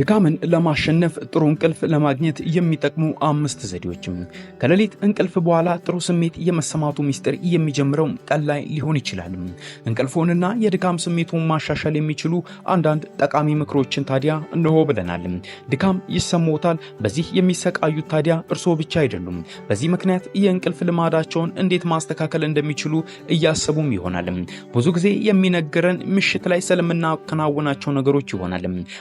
ድካምን ለማሸነፍ ጥሩ እንቅልፍ ለማግኘት የሚጠቅሙ አምስት ዘዴዎችም። ከሌሊት እንቅልፍ በኋላ ጥሩ ስሜት የመሰማቱ ሚስጥር የሚጀምረው ቀን ላይ ሊሆን ይችላል። እንቅልፎንና የድካም ስሜቱን ማሻሻል የሚችሉ አንዳንድ ጠቃሚ ምክሮችን ታዲያ እንሆ ብለናል። ድካም ይሰማዎታል? በዚህ የሚሰቃዩት ታዲያ እርስዎ ብቻ አይደሉም። በዚህ ምክንያት የእንቅልፍ ልማዳቸውን እንዴት ማስተካከል እንደሚችሉ እያሰቡም ይሆናል። ብዙ ጊዜ የሚነገረን ምሽት ላይ ስለምናከናውናቸው ነገሮች ይሆናል።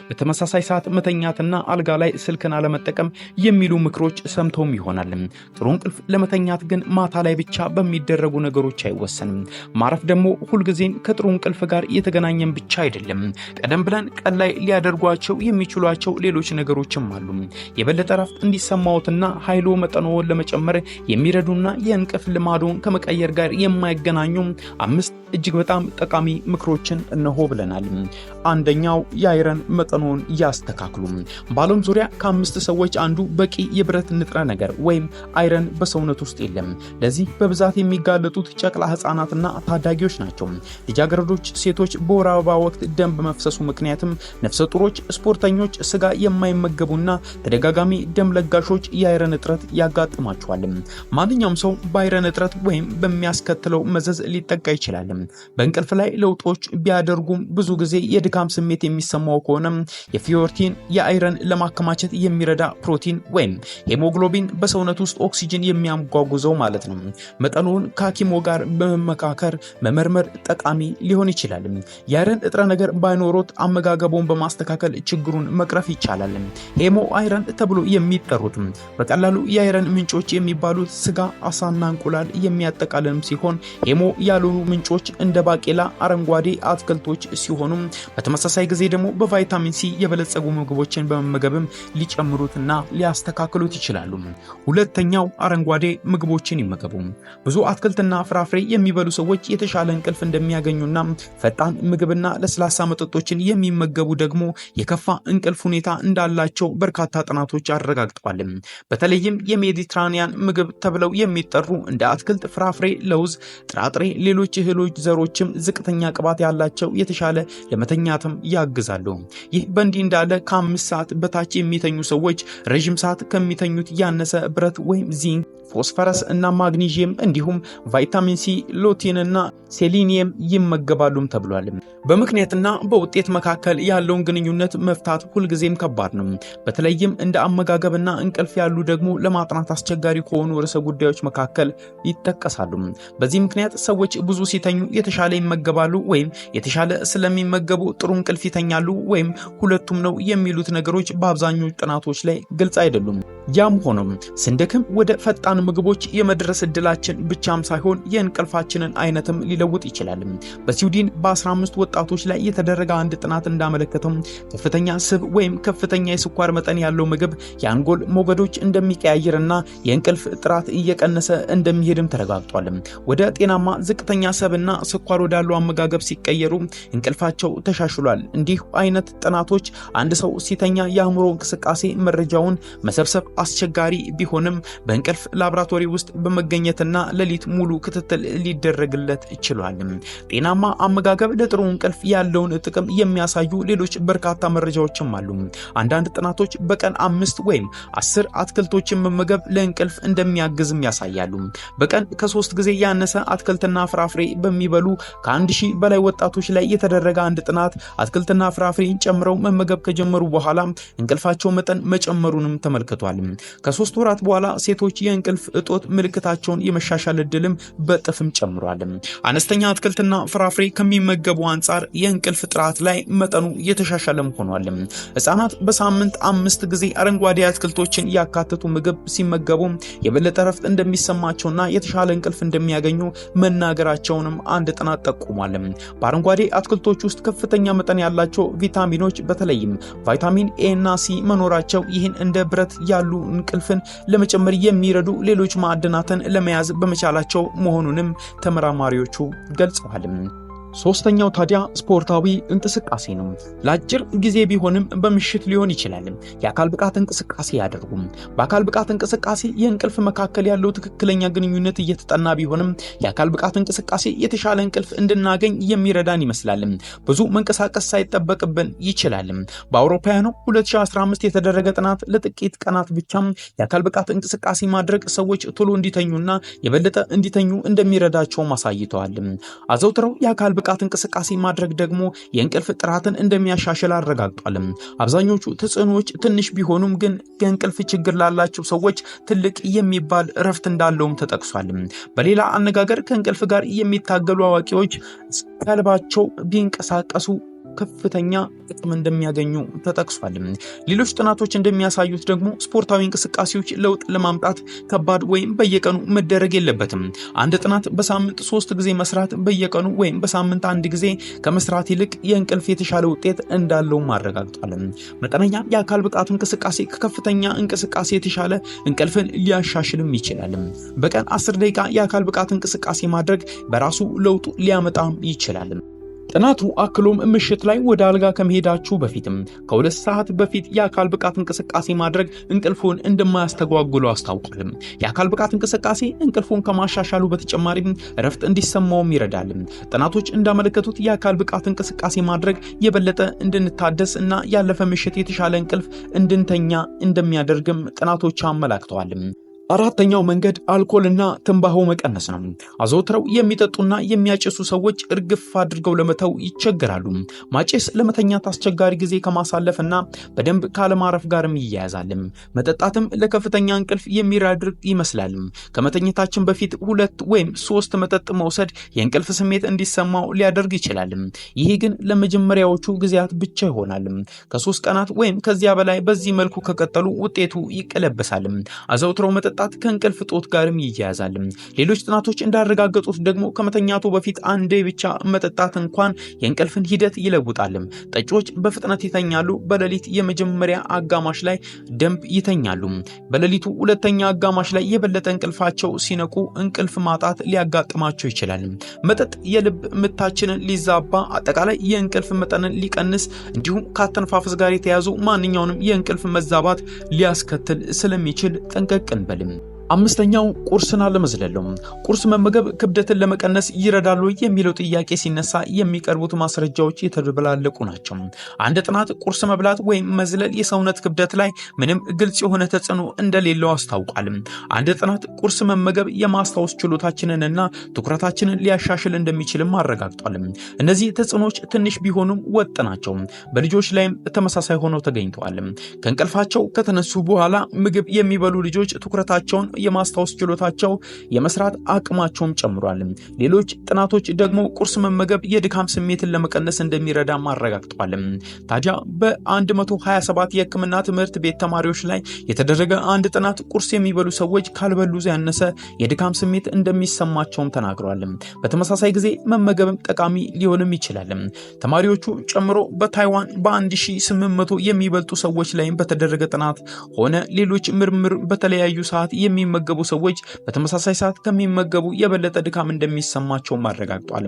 በተመሳሳይ ሰዓት መተኛትና አልጋ ላይ ስልክን አለመጠቀም የሚሉ ምክሮች ሰምተውም ይሆናል። ጥሩ እንቅልፍ ለመተኛት ግን ማታ ላይ ብቻ በሚደረጉ ነገሮች አይወሰንም። ማረፍ ደግሞ ሁልጊዜም ከጥሩ እንቅልፍ ጋር የተገናኘን ብቻ አይደለም። ቀደም ብለን ቀን ላይ ሊያደርጓቸው የሚችሏቸው ሌሎች ነገሮችም አሉ። የበለጠ ረፍት እንዲሰማዎትና ኃይሎ መጠኖውን ለመጨመር የሚረዱና የእንቅልፍ ልማዶን ከመቀየር ጋር የማይገናኙ አምስት እጅግ በጣም ጠቃሚ ምክሮችን እነሆ ብለናል። አንደኛው የአይረን መጠኖን ያስ አይስተካክሉም። በዓለም ዙሪያ ከአምስት ሰዎች አንዱ በቂ የብረት ንጥረ ነገር ወይም አይረን በሰውነት ውስጥ የለም። ለዚህ በብዛት የሚጋለጡት ጨቅላ ህጻናትና ታዳጊዎች ናቸው። ልጃገረዶች፣ ሴቶች በወር አበባ ወቅት ደም በመፍሰሱ ምክንያትም፣ ነፍሰ ጡሮች፣ ስፖርተኞች፣ ስጋ የማይመገቡና ተደጋጋሚ ደም ለጋሾች የአይረን እጥረት ያጋጥማቸዋል። ማንኛውም ሰው በአይረን እጥረት ወይም በሚያስከትለው መዘዝ ሊጠቃ ይችላል። በእንቅልፍ ላይ ለውጦች ቢያደርጉም ብዙ ጊዜ የድካም ስሜት የሚሰማው ከሆነ የፊዮርቲ ፕሮቲን የአይረን ለማከማቸት የሚረዳ ፕሮቲን ወይም ሄሞግሎቢን በሰውነት ውስጥ ኦክሲጅን የሚያጓጉዘው ማለት ነው። መጠኑን ከሐኪሞ ጋር በመመካከር መመርመር ጠቃሚ ሊሆን ይችላል። የአይረን እጥረ ነገር ባይኖሮት አመጋገቡን በማስተካከል ችግሩን መቅረፍ ይቻላል። ሄሞ አይረን ተብሎ የሚጠሩት በቀላሉ የአይረን ምንጮች የሚባሉት ስጋ፣ አሳና እንቁላል የሚያጠቃልንም ሲሆን ሄሞ ያልሆኑ ምንጮች እንደ ባቄላ፣ አረንጓዴ አትክልቶች ሲሆኑ በተመሳሳይ ጊዜ ደግሞ በቫይታሚን ሲ የበለጸጉ ምግቦችን በመመገብም ሊጨምሩትና ሊያስተካክሉት ይችላሉ። ሁለተኛው አረንጓዴ ምግቦችን ይመገቡ። ብዙ አትክልትና ፍራፍሬ የሚበሉ ሰዎች የተሻለ እንቅልፍ እንደሚያገኙና ፈጣን ምግብና ለስላሳ መጠጦችን የሚመገቡ ደግሞ የከፋ እንቅልፍ ሁኔታ እንዳላቸው በርካታ ጥናቶች አረጋግጠዋል። በተለይም የሜዲትራኒያን ምግብ ተብለው የሚጠሩ እንደ አትክልት፣ ፍራፍሬ፣ ለውዝ፣ ጥራጥሬ፣ ሌሎች እህሎች ዘሮችም ዝቅተኛ ቅባት ያላቸው የተሻለ ለመተኛትም ያግዛሉ። ይህ በእንዲህ እንዳለ ከአምስት ሰዓት በታች የሚተኙ ሰዎች ረዥም ሰዓት ከሚተኙት ያነሰ ብረት ወይም ዚንክ ፎስፈረስ እና ማግኒዥየም እንዲሁም ቫይታሚን ሲ፣ ሎቲን እና ሴሊኒየም ይመገባሉም ተብሏል። በምክንያትና በውጤት መካከል ያለውን ግንኙነት መፍታት ሁልጊዜም ከባድ ነው። በተለይም እንደ አመጋገብና እንቅልፍ ያሉ ደግሞ ለማጥናት አስቸጋሪ ከሆኑ ርዕሰ ጉዳዮች መካከል ይጠቀሳሉ። በዚህ ምክንያት ሰዎች ብዙ ሲተኙ የተሻለ ይመገባሉ ወይም የተሻለ ስለሚመገቡ ጥሩ እንቅልፍ ይተኛሉ ወይም ሁለቱም ነው የሚሉት ነገሮች በአብዛኞቹ ጥናቶች ላይ ግልጽ አይደሉም። ያም ሆኖም ስንደክም ወደ ፈጣን ንጹሐን ምግቦች የመድረስ እድላችን ብቻም ሳይሆን የእንቅልፋችንን አይነትም ሊለውጥ ይችላል። በስዊድን በ15 ወጣቶች ላይ የተደረገ አንድ ጥናት እንዳመለከተው ከፍተኛ ስብ ወይም ከፍተኛ የስኳር መጠን ያለው ምግብ የአንጎል ሞገዶች እንደሚቀያይርና የእንቅልፍ ጥራት እየቀነሰ እንደሚሄድም ተረጋግጧል። ወደ ጤናማ ዝቅተኛ ሰብና ስኳር ወዳለው አመጋገብ ሲቀየሩ እንቅልፋቸው ተሻሽሏል። እንዲህ አይነት ጥናቶች አንድ ሰው ሲተኛ የአእምሮ እንቅስቃሴ መረጃውን መሰብሰብ አስቸጋሪ ቢሆንም በእንቅልፍ ላብራቶሪ ውስጥ በመገኘትና ሌሊት ሙሉ ክትትል ሊደረግለት ችሏል። ጤናማ አመጋገብ ለጥሩ እንቅልፍ ያለውን ጥቅም የሚያሳዩ ሌሎች በርካታ መረጃዎችም አሉ። አንዳንድ ጥናቶች በቀን አምስት ወይም አስር አትክልቶችን መመገብ ለእንቅልፍ እንደሚያግዝም ያሳያሉ። በቀን ከሶስት ጊዜ ያነሰ አትክልትና ፍራፍሬ በሚበሉ ከአንድ ሺህ በላይ ወጣቶች ላይ የተደረገ አንድ ጥናት አትክልትና ፍራፍሬን ጨምረው መመገብ ከጀመሩ በኋላ እንቅልፋቸው መጠን መጨመሩንም ተመልክቷል። ከሶስት ወራት በኋላ ሴቶች የእንቅልፍ የእንቅልፍ እጦት ምልክታቸውን የመሻሻል እድልም በጥፍም ጨምሯል። አነስተኛ አትክልትና ፍራፍሬ ከሚመገቡ አንጻር የእንቅልፍ ጥራት ላይ መጠኑ የተሻሻለም ሆኗል። ህጻናት በሳምንት አምስት ጊዜ አረንጓዴ አትክልቶችን ያካተቱ ምግብ ሲመገቡ የበለጠ ረፍት እንደሚሰማቸውና የተሻለ እንቅልፍ እንደሚያገኙ መናገራቸውንም አንድ ጥናት ጠቁሟል። በአረንጓዴ አትክልቶች ውስጥ ከፍተኛ መጠን ያላቸው ቪታሚኖች በተለይም ቫይታሚን ኤ እና ሲ መኖራቸው ይህን እንደ ብረት ያሉ እንቅልፍን ለመጨመር የሚረዱ ሌሎች ማዕድናትን ለመያዝ በመቻላቸው መሆኑንም ተመራማሪዎቹ ገልጸዋል። ሶስተኛው ታዲያ ስፖርታዊ እንቅስቃሴ ነው። ለአጭር ጊዜ ቢሆንም በምሽት ሊሆን ይችላል። የአካል ብቃት እንቅስቃሴ ያደርጉም። በአካል ብቃት እንቅስቃሴ የእንቅልፍ መካከል ያለው ትክክለኛ ግንኙነት እየተጠና ቢሆንም የአካል ብቃት እንቅስቃሴ የተሻለ እንቅልፍ እንድናገኝ የሚረዳን ይመስላል። ብዙ መንቀሳቀስ ሳይጠበቅብን ይችላል። በአውሮፓውያኑ 2015 የተደረገ ጥናት ለጥቂት ቀናት ብቻ የአካል ብቃት እንቅስቃሴ ማድረግ ሰዎች ቶሎ እንዲተኙና የበለጠ እንዲተኙ እንደሚረዳቸውም አሳይተዋል። አዘውትረው የአካል ብቃት እንቅስቃሴ ማድረግ ደግሞ የእንቅልፍ ጥራትን እንደሚያሻሽል አረጋግጧልም። አብዛኞቹ ተጽዕኖዎች ትንሽ ቢሆኑም ግን የእንቅልፍ ችግር ላላቸው ሰዎች ትልቅ የሚባል እረፍት እንዳለውም ተጠቅሷል። በሌላ አነጋገር ከእንቅልፍ ጋር የሚታገሉ አዋቂዎች ሰልባቸው ቢንቀሳቀሱ ከፍተኛ ጥቅም እንደሚያገኙ ተጠቅሷል። ሌሎች ጥናቶች እንደሚያሳዩት ደግሞ ስፖርታዊ እንቅስቃሴዎች ለውጥ ለማምጣት ከባድ ወይም በየቀኑ መደረግ የለበትም። አንድ ጥናት በሳምንት ሶስት ጊዜ መስራት በየቀኑ ወይም በሳምንት አንድ ጊዜ ከመስራት ይልቅ የእንቅልፍ የተሻለ ውጤት እንዳለው ማረጋግጧል። መጠነኛ የአካል ብቃት እንቅስቃሴ ከከፍተኛ እንቅስቃሴ የተሻለ እንቅልፍን ሊያሻሽልም ይችላል። በቀን አስር ደቂቃ የአካል ብቃት እንቅስቃሴ ማድረግ በራሱ ለውጡ ሊያመጣም ይችላል። ጥናቱ አክሎም ምሽት ላይ ወደ አልጋ ከመሄዳችሁ በፊትም ከሁለት ሰዓት በፊት የአካል ብቃት እንቅስቃሴ ማድረግ እንቅልፎን እንደማያስተጓጉሉ አስታውቋል። የአካል ብቃት እንቅስቃሴ እንቅልፎን ከማሻሻሉ በተጨማሪ እረፍት እንዲሰማውም ይረዳል። ጥናቶች እንዳመለከቱት የአካል ብቃት እንቅስቃሴ ማድረግ የበለጠ እንድንታደስ እና ያለፈ ምሽት የተሻለ እንቅልፍ እንድንተኛ እንደሚያደርግም ጥናቶች አመላክተዋል። አራተኛው መንገድ አልኮልና ትንባሆ መቀነስ ነው። አዘውትረው የሚጠጡና የሚያጨሱ ሰዎች እርግፍ አድርገው ለመተው ይቸገራሉ። ማጨስ ለመተኛት አስቸጋሪ ጊዜ ከማሳለፍና በደንብ ካለማረፍ ጋርም ይያያዛል። መጠጣትም ለከፍተኛ እንቅልፍ የሚራድርቅ ይመስላል። ከመተኘታችን በፊት ሁለት ወይም ሶስት መጠጥ መውሰድ የእንቅልፍ ስሜት እንዲሰማው ሊያደርግ ይችላል። ይሄ ግን ለመጀመሪያዎቹ ጊዜያት ብቻ ይሆናል። ከሶስት ቀናት ወይም ከዚያ በላይ በዚህ መልኩ ከቀጠሉ ውጤቱ ይቀለበሳል። አዘውትረው መጠጥ መጠጣት ከእንቅልፍ ጦት ጋርም ይያያዛል። ሌሎች ጥናቶች እንዳረጋገጡት ደግሞ ከመተኛቱ በፊት አንዴ ብቻ መጠጣት እንኳን የእንቅልፍን ሂደት ይለውጣል። ጠጪዎች በፍጥነት ይተኛሉ። በሌሊት የመጀመሪያ አጋማሽ ላይ ደንብ ይተኛሉ። በሌሊቱ ሁለተኛ አጋማሽ ላይ የበለጠ እንቅልፋቸው ሲነቁ እንቅልፍ ማጣት ሊያጋጥማቸው ይችላል። መጠጥ የልብ ምታችንን ሊዛባ፣ አጠቃላይ የእንቅልፍ መጠንን ሊቀንስ እንዲሁም ከአተንፋፈስ ጋር የተያዙ ማንኛውንም የእንቅልፍ መዛባት ሊያስከትል ስለሚችል ጠንቀቅ እንበል። አምስተኛው ቁርስን አለመዝለል ነው። ቁርስ መመገብ ክብደትን ለመቀነስ ይረዳሉ የሚለው ጥያቄ ሲነሳ የሚቀርቡት ማስረጃዎች የተደበላለቁ ናቸው። አንድ ጥናት ቁርስ መብላት ወይም መዝለል የሰውነት ክብደት ላይ ምንም ግልጽ የሆነ ተጽዕኖ እንደሌለው አስታውቋል። አንድ ጥናት ቁርስ መመገብ የማስታወስ ችሎታችንንና ትኩረታችንን ሊያሻሽል እንደሚችልም አረጋግጧል። እነዚህ ተጽዕኖዎች ትንሽ ቢሆኑም ወጥ ናቸው። በልጆች ላይም ተመሳሳይ ሆነው ተገኝተዋል። ከእንቅልፋቸው ከተነሱ በኋላ ምግብ የሚበሉ ልጆች ትኩረታቸውን የማስታወስ ችሎታቸው፣ የመስራት አቅማቸውም ጨምሯል። ሌሎች ጥናቶች ደግሞ ቁርስ መመገብ የድካም ስሜትን ለመቀነስ እንደሚረዳም አረጋግጧል። ታዲያ በ127 የህክምና ትምህርት ቤት ተማሪዎች ላይ የተደረገ አንድ ጥናት ቁርስ የሚበሉ ሰዎች ካልበሉ ያነሰ የድካም ስሜት እንደሚሰማቸውም ተናግሯል። በተመሳሳይ ጊዜ መመገብም ጠቃሚ ሊሆንም ይችላል። ተማሪዎቹ ጨምሮ በታይዋን በ1800 የሚበልጡ ሰዎች ላይም በተደረገ ጥናት ሆነ ሌሎች ምርምር በተለያዩ ሰዓት የሚ የሚመገቡ ሰዎች በተመሳሳይ ሰዓት ከሚመገቡ የበለጠ ድካም እንደሚሰማቸውም አረጋግጧል።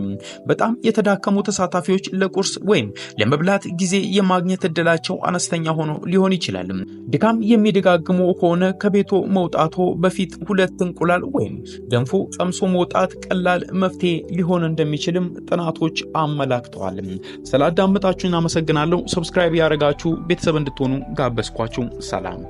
በጣም የተዳከሙ ተሳታፊዎች ለቁርስ ወይም ለመብላት ጊዜ የማግኘት እድላቸው አነስተኛ ሆኖ ሊሆን ይችላል። ድካም የሚደጋግሙ ከሆነ ከቤቶ መውጣቶ በፊት ሁለት እንቁላል ወይም ገንፎ ቀምሶ መውጣት ቀላል መፍትሄ ሊሆን እንደሚችልም ጥናቶች አመላክተዋል። ስላዳመጣችሁን አመሰግናለሁ። ሰብስክራይብ ያደረጋችሁ ቤተሰብ እንድትሆኑ ጋበዝኳችሁ። ሰላም